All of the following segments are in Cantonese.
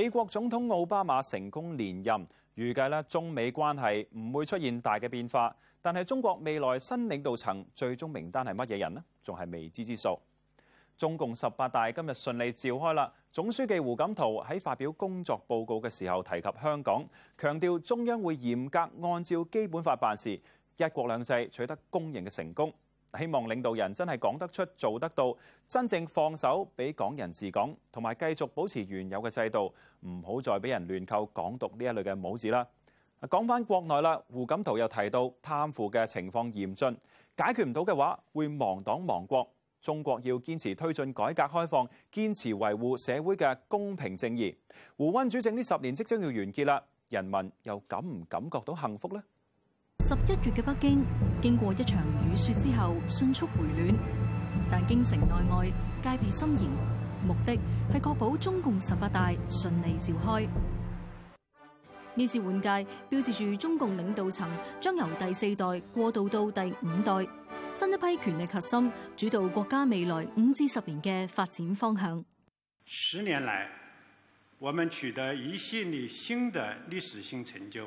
美國總統奧巴馬成功連任，預計呢中美關係唔會出現大嘅變化，但係中國未來新領導層最終名單係乜嘢人呢？仲係未知之數。中共十八大今日順利召開啦，總書記胡錦濤喺發表工作報告嘅時候提及香港，強調中央會嚴格按照基本法辦事，一國兩制取得公認嘅成功。希望領導人真係講得出、做得到，真正放手俾港人治港，同埋繼續保持原有嘅制度，唔好再俾人亂扣港獨呢一類嘅帽子啦。講翻國內啦，胡錦濤又提到貪腐嘅情況嚴峻，解決唔到嘅話會亡黨亡國。中國要堅持推進改革開放，堅持維護社會嘅公平正義。胡溫主政呢十年即將要完結啦，人民又感唔感覺到幸福呢？十一月嘅北京。經過一場雨雪之後，迅速回暖，但京城內外戒備森嚴，目的係確保中共十八大順利召開。呢次換屆，標誌住中共領導層將由第四代過渡到第五代，新一批權力核心主導國家未來五至十年嘅發展方向。十年來，我們取得一系列新的歷史性成就。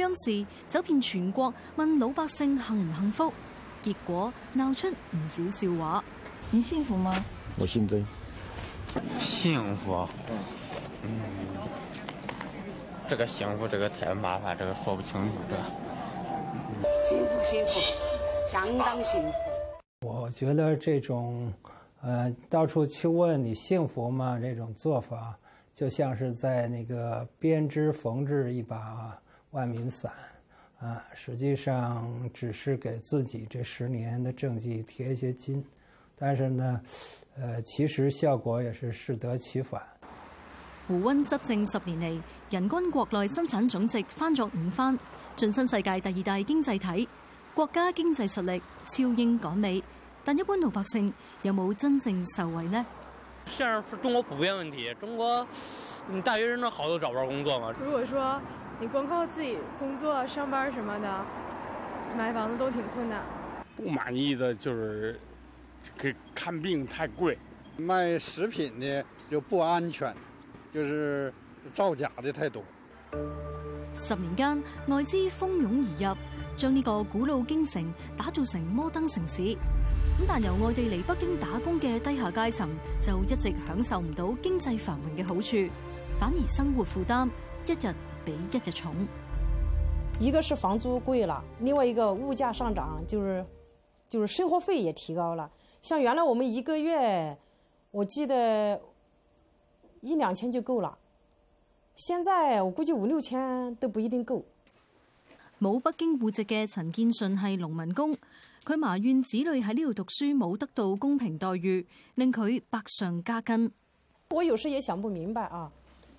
央視走遍全國問老百姓幸唔幸福，結果鬧出唔少笑話。你幸福嗎？我姓曾，幸福。這個幸福，這個太麻煩，這個說不清楚。這幸福幸福，相當幸福。我覺得這種，呃，到處去問你幸福嗎？這種做法，就像是在那個編織縫製一把。萬民傘啊，實際上只是給自己這十年的政績貼一些金，但是呢，呃，其實效果也是適得其反。胡温執政十年嚟，人均國內生產總值翻咗五番，晉身世界第二大經濟體，國家經濟實力超英趕美，但一般老百姓有冇真正受惠呢？現在是中國普遍問題，中國你大學生都好多找不着工作嘛。如果說。你光靠自己工作、上班什麼的，買房子都挺困難。不滿意的，就是給看病太貴，賣食品的就不安全，就是造假的太多。十年間，外資蜂擁而入，將呢個古老京城打造成摩登城市。咁但由外地嚟北京打工嘅低下階層，就一直享受唔到經濟繁榮嘅好處，反而生活負擔一日比一的重，一個是房租貴了，另外一個物價上漲，就是，就是生活費也提高了。像原來我們一個月，我記得一兩千就夠了，現在我估計五六千都不一定夠。冇北京戶籍嘅陳建順係農民工，佢埋怨子女喺呢度讀書冇得到公平待遇，令佢百上加斤。我有時也想不明白啊。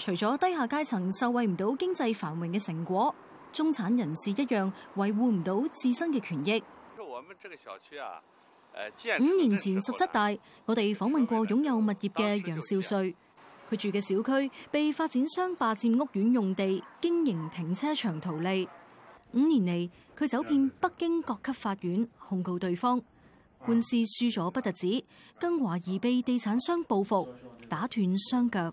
除咗低下階層受惠唔到經濟繁榮嘅成果，中產人士一樣維護唔到自身嘅權益。五年前十七大，我哋訪問過擁有物業嘅楊少歲，佢住嘅小區被發展商霸佔屋苑用地，經營停車場圖利。五年嚟，佢走遍北京各級法院控告對方，官司輸咗不特止，更懷疑被地產商報復，打斷雙腳。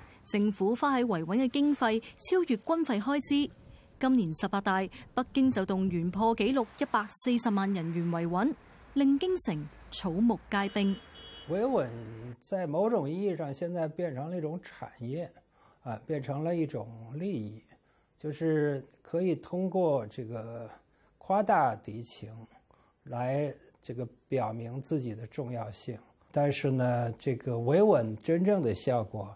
政府花喺維穩嘅經費超越軍費開支。今年十八大，北京就動員破紀錄一百四十萬人員維穩，令京城草木皆兵。維穩在某種意義上，現在變成了一種產業，啊，變成了一種利益，就是可以通過這個誇大敵情，來這個表明自己的重要性。但是呢，這個維穩真正的效果？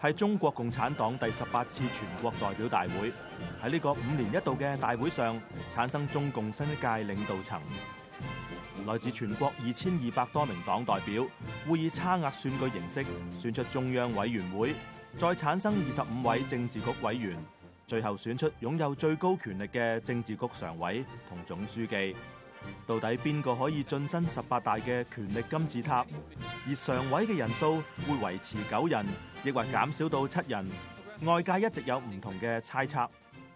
係中國共產黨第十八次全國代表大會。喺呢個五年一度嘅大會上產生中共新一屆領導層，來自全國二千二百多名黨代表，會以差額選舉形式選出中央委員會，再產生二十五位政治局委員，最後選出擁有最高權力嘅政治局常委同總書記。到底邊個可以晉身十八大嘅權力金字塔？而常委嘅人數會維持九人，亦或減少到七人？外界一直有唔同嘅猜測，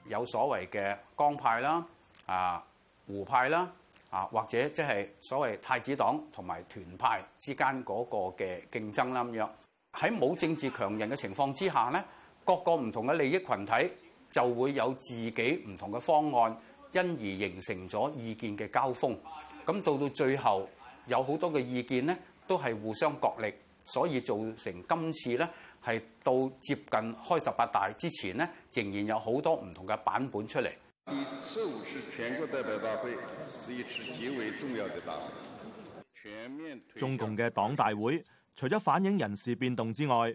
有所謂嘅江派啦、啊胡派啦、啊或者即係所謂太子黨同埋團派之間嗰個嘅競爭啦咁樣。喺冇政治強人嘅情況之下呢，各個唔同嘅利益群體就會有自己唔同嘅方案。因而形成咗意見嘅交鋒，咁到到最後有好多嘅意見呢都係互相角力，所以造成今次呢係到接近開十八大之前呢，仍然有好多唔同嘅版本出嚟。全國代表大會是一次極為重要嘅大會。中共嘅黨大會除咗反映人事變動之外，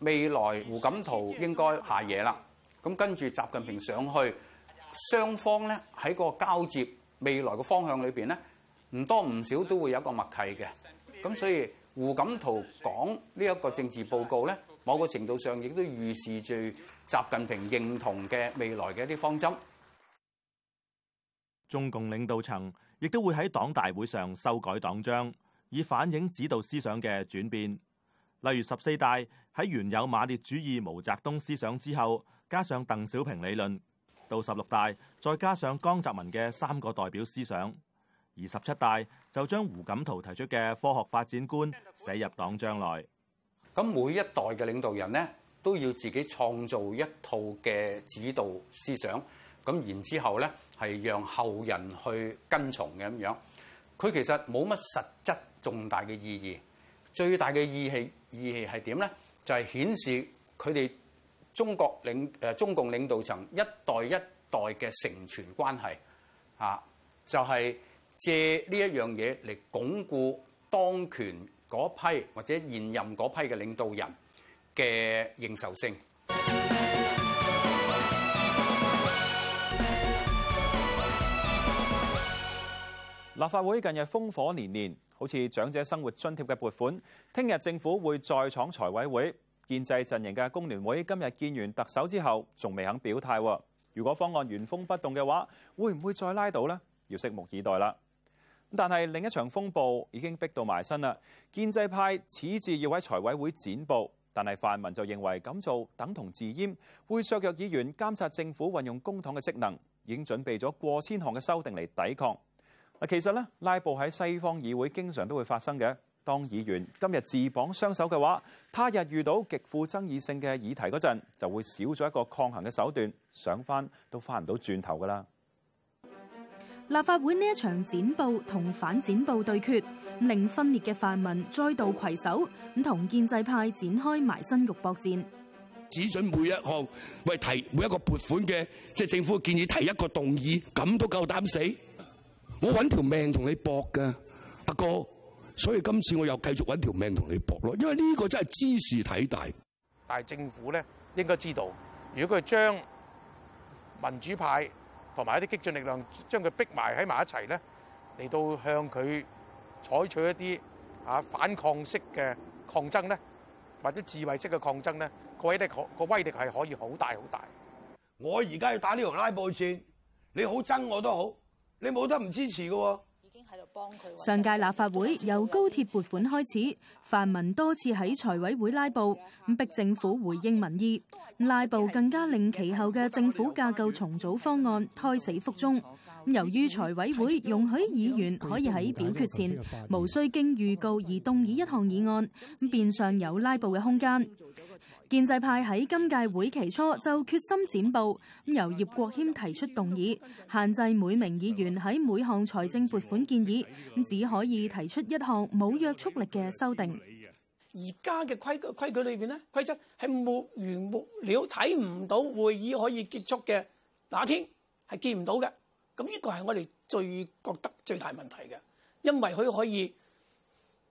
未來胡錦濤應該下嘢下野啦，咁跟住習近平上去，雙方咧喺個交接未來嘅方向裏邊咧，唔多唔少都會有一個默契嘅。咁所以胡錦濤講呢一個政治報告咧，某個程度上亦都預示住習近平認同嘅未來嘅一啲方針。中共領導層亦都會喺黨大會上修改黨章，以反映指導思想嘅轉變。例如十四大喺原有馬列主義毛澤東思想之後，加上鄧小平理論；到十六大，再加上江澤民嘅三個代表思想；而十七大就將胡錦濤提出嘅科學發展觀寫入黨章來咁每一代嘅領導人咧，都要自己創造一套嘅指導思想，咁然之後咧係讓後人去跟從嘅咁樣。佢其實冇乜實質重大嘅意義。最大嘅意義意義係點呢？就係顯示佢哋中國領誒中共領導層一代一代嘅承傳關係，啊，就係借呢一樣嘢嚟鞏固當權嗰批或者現任嗰批嘅領導人嘅認受性。立法會近日烽火連連，好似長者生活津貼嘅撥款。聽日政府會再闖財委會，建制陣營嘅工聯會今日見完特首之後，仲未肯表態。如果方案原封不動嘅話，會唔會再拉倒呢？要拭目以待啦。但係另一場風暴已經逼到埋身啦。建制派始至要喺財委會剪布，但係泛民就認為咁做等同自閹，會削弱議員監察政府運用公帑嘅職能。已經準備咗過千項嘅修訂嚟抵抗。嗱，其實咧，拉布喺西方議會經常都會發生嘅。當議員今日自綁雙手嘅話，他日遇到極富爭議性嘅議題嗰陣，就會少咗一個抗衡嘅手段，想翻都翻唔到轉頭噶啦。立法會呢一場剪布同反剪布對決，令分裂嘅泛民再度攜手，咁同建制派展開埋身肉搏戰。只准每一項喂提每一個撥款嘅，即係政府建議提一個動議，咁都夠膽死？我揾條命同你搏噶，阿、啊、哥，所以今次我又繼續揾條命同你搏咯，因為呢個真係茲事體大。但係政府咧應該知道，如果佢將民主派同埋一啲激進力量將佢逼埋喺埋一齊咧，嚟到向佢採取一啲啊反抗式嘅抗爭咧，或者智慧式嘅抗爭咧，佢威力可個威力係可以好大好大。我而家要打呢條拉布戰，你好憎我都好。你冇得唔支持㗎喎、啊？上屆立法會由高鐵撥款開始，泛民多次喺財委會拉布，咁逼政府回應民意。拉布更加令其後嘅政府架構重組方案胎死腹中。由於財委會容許議員可以喺表決前無需經預告而動議一項議案，變相有拉布嘅空間。建制派喺今屆會期初就決心剪布，由葉國謙提出動議，限制每名議員喺每項財政撥款建議只可以提出一項冇約束力嘅修訂。而家嘅規規矩裏邊呢，規則係沒完沒了，睇唔到會議可以結束嘅那天係見唔到嘅。咁、這、呢個係我哋最覺得最大問題嘅，因為佢可以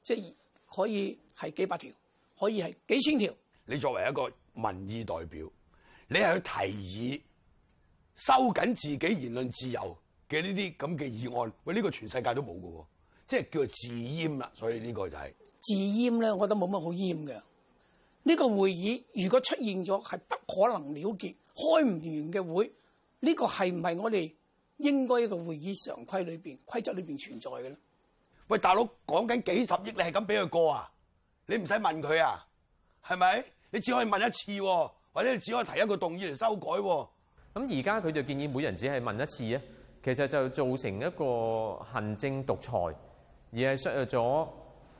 即係、就是、可以係幾百條，可以係幾千條。你作為一個民意代表，你係去提議收緊自己言論自由嘅呢啲咁嘅議案，喂，呢個全世界都冇㗎喎，即係叫做自閹啦。所以呢個就係、是、自閹咧，我覺得冇乜好閹嘅。呢個會議如果出現咗係不可能了結、開唔完嘅會，呢、這個係唔係我哋？應該一個會議常規裏邊規則裏邊存在嘅咧。喂，大佬講緊幾十億，你係咁俾佢過啊？你唔使問佢啊，係咪？你只可以問一次喎，或者你只可以提一個動議嚟修改喎。咁而家佢就建議每人只係問一次啊，其實就造成一個行政獨裁，而係削弱咗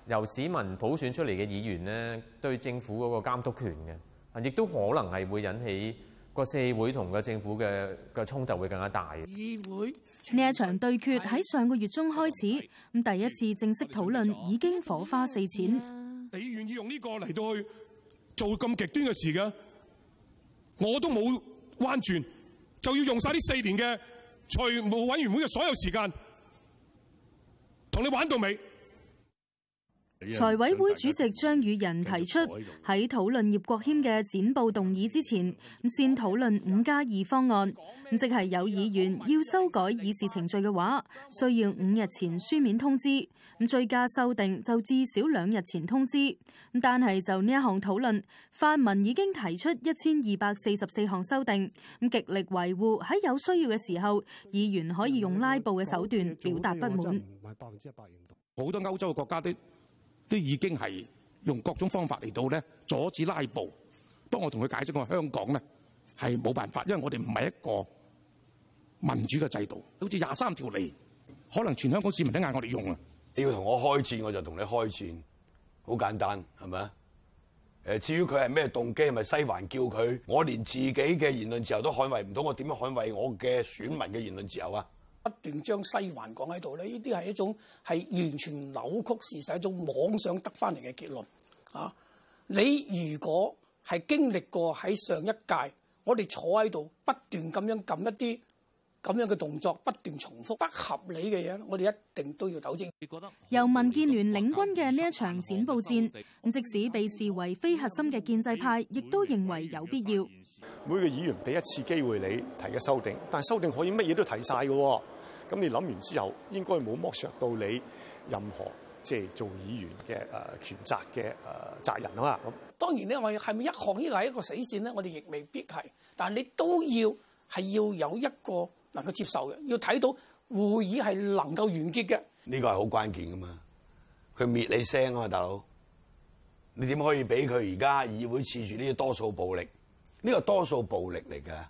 由市民普選出嚟嘅議員咧對政府嗰個監督權嘅，亦都可能係會引起，個社會同個政府嘅嘅衝突會更加大。呢一場對決喺上個月中開始，咁第一次正式討論已經火花四濺。你願意用呢個嚟到去做咁極端嘅事嘅？我都冇彎轉，就要用晒呢四年嘅財務委員會嘅所有時間，同你玩到尾。財委會主席張宇人提出喺討論葉國謙嘅剪布動議之前，先討論五加二方案，即係有議員要修改議事程序嘅話，需要五日前書面通知。咁再加修訂就至少兩日前通知。但係就呢一項討論，泛民已經提出一千二百四十四項修訂，咁極力維護喺有需要嘅時候，議員可以用拉布嘅手段表達不滿。好多歐洲嘅國家啲。都已經係用各種方法嚟到咧阻止拉布。當我同佢解釋我香港咧係冇辦法，因為我哋唔係一個民主嘅制度，好似廿三條嚟，可能全香港市民都嗌我哋用啊！你要同我開戰，我就同你開戰，好簡單係咪啊？誒，至於佢係咩動機，係咪西環叫佢？我連自己嘅言論自由都捍衛唔到，我點樣捍衛我嘅選民嘅言論自由啊？不斷將西環講喺度咧，呢啲係一種係完全扭曲事實、一種妄想得翻嚟嘅結論啊！你如果係經歷過喺上一屆，我哋坐喺度不斷咁樣撳一啲。咁樣嘅動作不斷重複，不合理嘅嘢，我哋一定都要糾正。由民建聯領軍嘅呢一場剪布戰，咁即使被視為非核心嘅建制派，亦都認為有必要。每個議員俾一次機會你提嘅修訂，但係修訂可以乜嘢都提晒㗎喎。咁你諗完之後，應該冇剝削到你任何即係、就是、做議員嘅誒、呃、權責嘅誒、呃、責任啊嘛。咁當然呢，我哋係咪一項呢個係一個死線咧？我哋亦未必係，但係你都要係要有一個，能夠接受嘅，要睇到會議係能夠完結嘅。呢個係好關鍵㗎嘛，佢滅你聲啊嘛，大佬，你點可以俾佢而家議會恃住呢啲多數暴力？呢個多數暴力嚟㗎，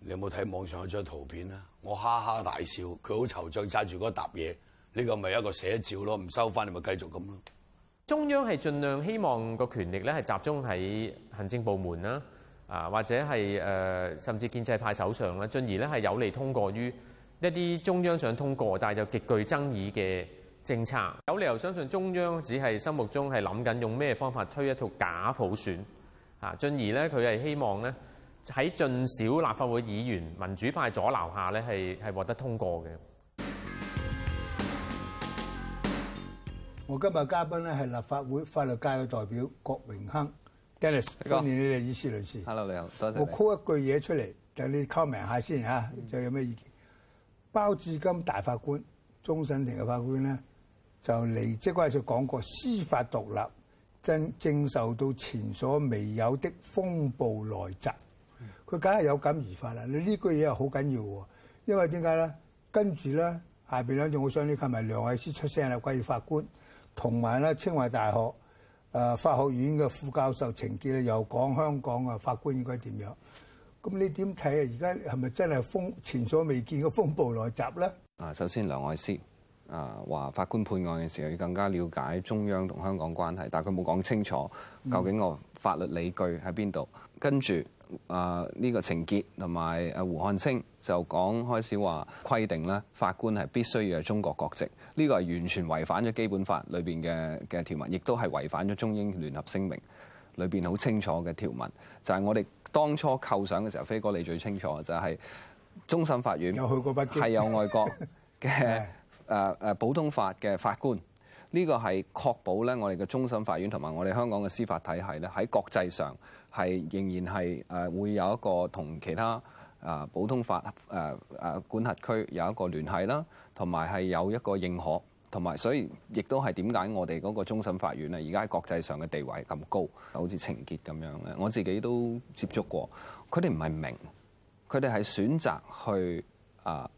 你有冇睇網上有張圖片啊？我哈哈大笑，佢好惆悵揸住嗰一疊嘢，呢個咪一個寫照咯，唔收翻你咪繼續咁咯。中央係盡量希望個權力咧係集中喺行政部門啦。啊，或者係誒、呃，甚至建制派手上咧，進而咧係有利通過於一啲中央想通過，但係就極具爭議嘅政策。有理由相信中央只係心目中係諗緊用咩方法推一套假普選，啊，進而咧佢係希望咧喺盡少立法會議員民主派阻撓下咧係係獲得通過嘅。我今日嘉賓咧係立法會法律界嘅代表郭榮鏗。今年你哋議事論事。Hello，謝謝，你好，多謝。我 call 一句嘢出嚟，等你 comment 下先嚇，就有咩意見？嗯、包致金大法官、終審庭嘅法官咧，就離職嗰陣時講過，司法獨立真正受到前所未有的風暴來襲。佢梗係有感而發啦。你呢句嘢係好緊要喎，因為點解咧？跟住咧，下邊兩種我想依，琴日？梁愛詩出聲啦，關於法官，同埋咧，清華大學。誒法學院嘅副教授程傑咧又講香港啊法官應該點樣？咁你點睇啊？而家係咪真係風前所未見嘅風暴來襲咧？啊，首先梁愛詩啊話法官判案嘅時候要更加了解中央同香港關係，但係佢冇講清楚究竟個法律理據喺邊度？跟住。啊、呃！呢、這個情結同埋阿胡漢清就講開始話規定咧，法官係必須要係中國國籍，呢、這個係完全違反咗基本法裏邊嘅嘅條文，亦都係違反咗中英聯合聲明裏邊好清楚嘅條文。就係、是、我哋當初構想嘅時候，飛哥你最清楚，嘅就係終審法院有去過北京，係有外國嘅誒誒普通法嘅法官。呢、這個係確保咧，我哋嘅終審法院同埋我哋香港嘅司法體系咧，喺國際上。係仍然係誒會有一個同其他啊普通法誒誒管轄區有一個聯繫啦，同埋係有一個認可，同埋所以亦都係點解我哋嗰個終審法院啊而家喺國際上嘅地位咁高，好似情結咁樣咧。我自己都接觸過，佢哋唔係唔明，佢哋係選擇去啊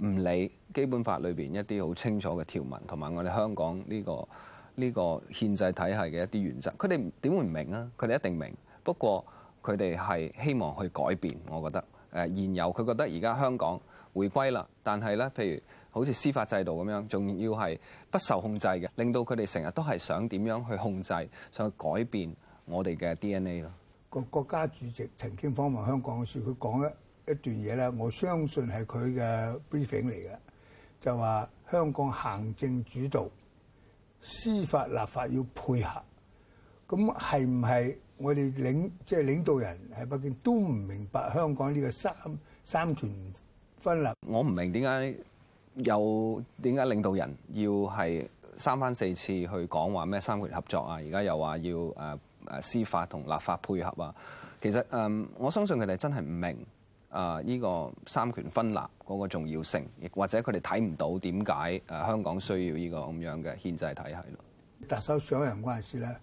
呃、唔理基本法裏邊一啲好清楚嘅條文，同埋我哋香港呢個呢個憲制體系嘅一啲原則。佢哋點會唔明啊？佢哋一定明。不過佢哋係希望去改變，我覺得誒、呃、現有佢覺得而家香港回歸啦，但係咧，譬如好似司法制度咁樣，仲要係不受控制嘅，令到佢哋成日都係想點樣去控制，想去改變我哋嘅 DNA 咯。國家主席曾經訪問香港嘅時候，佢講一一段嘢咧，我相信係佢嘅 briefing 嚟嘅，就話香港行政主導，司法立法要配合，咁係唔係？我哋領即係、就是、領導人喺北京都唔明白香港呢個三三權分立。我唔明點解有點解領導人要係三番四次去講話咩三權合作啊？而家又話要誒誒、呃、司法同立法配合啊？其實誒、呃，我相信佢哋真係唔明誒呢、呃這個三權分立嗰個重要性，亦或者佢哋睇唔到點解誒香港需要呢個咁樣嘅憲制體系咯。特首上任嗰陣時咧，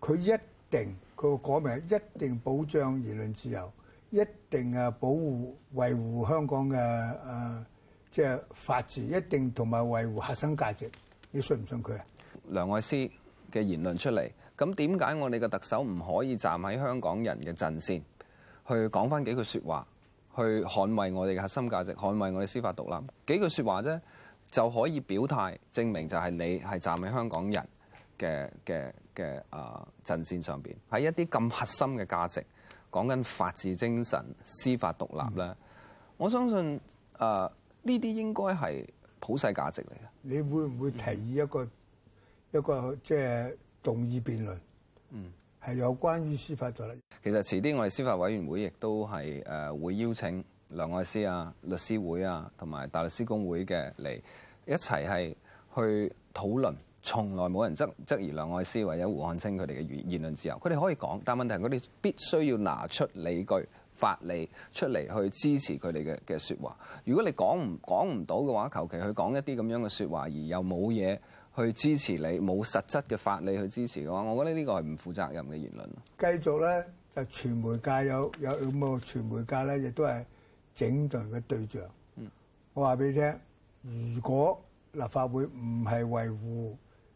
佢一定。佢講明一定保障言論自由，一定啊保護維護香港嘅誒即係法治，一定同埋維護核心價值。你信唔信佢啊？梁愛詩嘅言論出嚟，咁點解我哋嘅特首唔可以站喺香港人嘅陣線去講翻幾句説話，去捍衛我哋嘅核心價值，捍衛我哋司法獨立？幾句説話啫，就可以表態證明就係你係站喺香港人嘅嘅嘅啊陣線上邊，喺一啲咁核心嘅價值，講緊法治精神、司法獨立咧、嗯，我相信啊呢啲應該係普世價值嚟嘅。你會唔會提議一個一個即係動議辯論？嗯，係、就是、有關於司法獨立的。其實遲啲我哋司法委員會亦都係誒會邀請梁愛詩啊、律師會啊同埋大律師公會嘅，嚟一齊係去討論。從來冇人質質疑梁愛詩或者胡漢清佢哋嘅言言論自由，佢哋可以講，但問題係佢哋必須要拿出理據、法理出嚟去支持佢哋嘅嘅説話。如果你講唔講唔到嘅話，求其去講一啲咁樣嘅説話，而又冇嘢去支持你，冇實質嘅法理去支持嘅話，我覺得呢個係唔負責任嘅言論。繼續咧，就傳媒界有有咁嘅，傳媒界咧亦都係整頓嘅對象。嗯，我話俾你聽，如果立法會唔係維護，